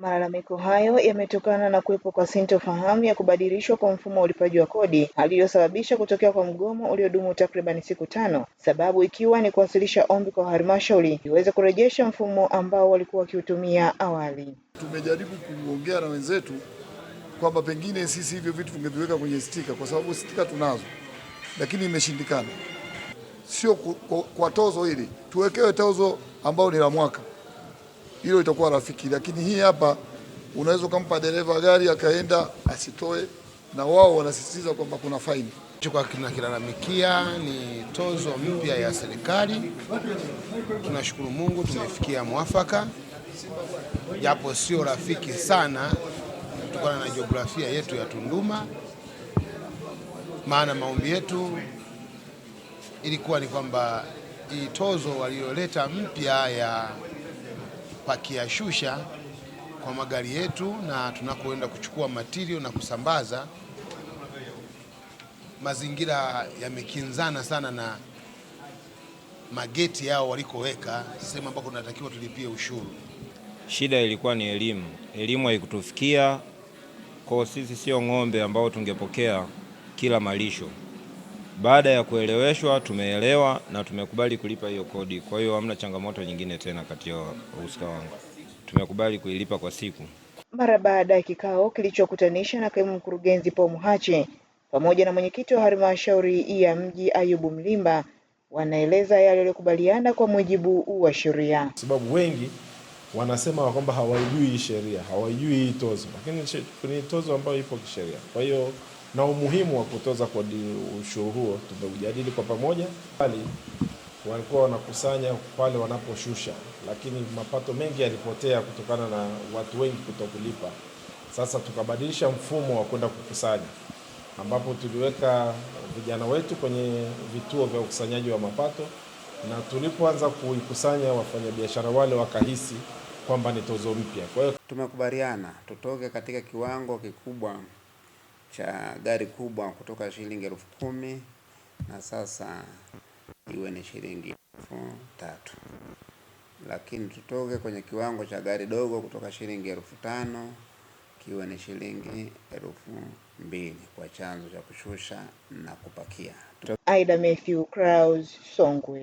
Malalamiko hayo yametokana na kuwepo kwa sintofahamu ya kubadilishwa kwa mfumo wa ulipaji wa kodi hali iliyosababisha kutokea kwa mgomo uliodumu takriban siku tano, sababu ikiwa ni kuwasilisha ombi kwa halmashauri iweze kurejesha mfumo ambao walikuwa wakiutumia awali. Tumejaribu kuongea na wenzetu kwamba pengine sisi hivyo vitu tungeviweka kwenye stika, kwa sababu stika tunazo, lakini imeshindikana. Sio kwa tozo hili, tuwekewe tozo ambao ni la mwaka hilo itakuwa rafiki. Lakini hii hapa unaweza ukampa dereva gari akaenda asitoe, na wao wanasisitiza kwamba kuna faini kinakilalamikia ni tozo mpya ya serikali. Tunashukuru Mungu tumefikia mwafaka, japo sio rafiki sana kutokana na jiografia yetu ya Tunduma. Maana maombi yetu ilikuwa ni kwamba itozo tozo mpya ya pakiyashusha kwa magari yetu na tunakoenda kuchukua matirio na kusambaza, mazingira yamekinzana sana na mageti yao walikoweka, sehemu ambako tunatakiwa tulipie ushuru. Shida ilikuwa ni elimu, elimu haikutufikia kwa Sisi sio ng'ombe ambao tungepokea kila malisho baada ya kueleweshwa tumeelewa na tumekubali kulipa hiyo kodi. Kwa hiyo hamna changamoto nyingine tena kati ya wahusika wangu, tumekubali kuilipa kwa siku. Mara baada ya kikao kilichokutanisha na kaimu mkurugenzi Paul Muhache pamoja na mwenyekiti wa halmashauri ya mji Ayubu Mlimba, wanaeleza yale yaliyokubaliana kwa mujibu wa sheria, sababu wengi wanasema kwamba hawaijui sheria, hawaijui hii tozo, lakini ni tozo ambayo ipo kisheria, kwa hiyo na umuhimu wa kutoza kodi ushuru huo tumeujadili kwa pamoja. Bali walikuwa wanakusanya pale wanaposhusha, lakini mapato mengi yalipotea kutokana na watu wengi kutokulipa. Sasa tukabadilisha mfumo wa kwenda kukusanya, ambapo tuliweka vijana wetu kwenye vituo vya ukusanyaji wa mapato, na tulipoanza kuikusanya wafanyabiashara wale wakahisi kwamba ni tozo mpya. Kwa hiyo tumekubaliana tutoke katika kiwango kikubwa cha gari kubwa kutoka shilingi elfu kumi na sasa iwe ni shilingi elfu tatu lakini tutoke kwenye kiwango cha gari dogo kutoka shilingi elfu tano kiwe ni shilingi elfu mbili kwa chanzo cha kushusha na kupakia. Aida Matthew Clouds, Songwe.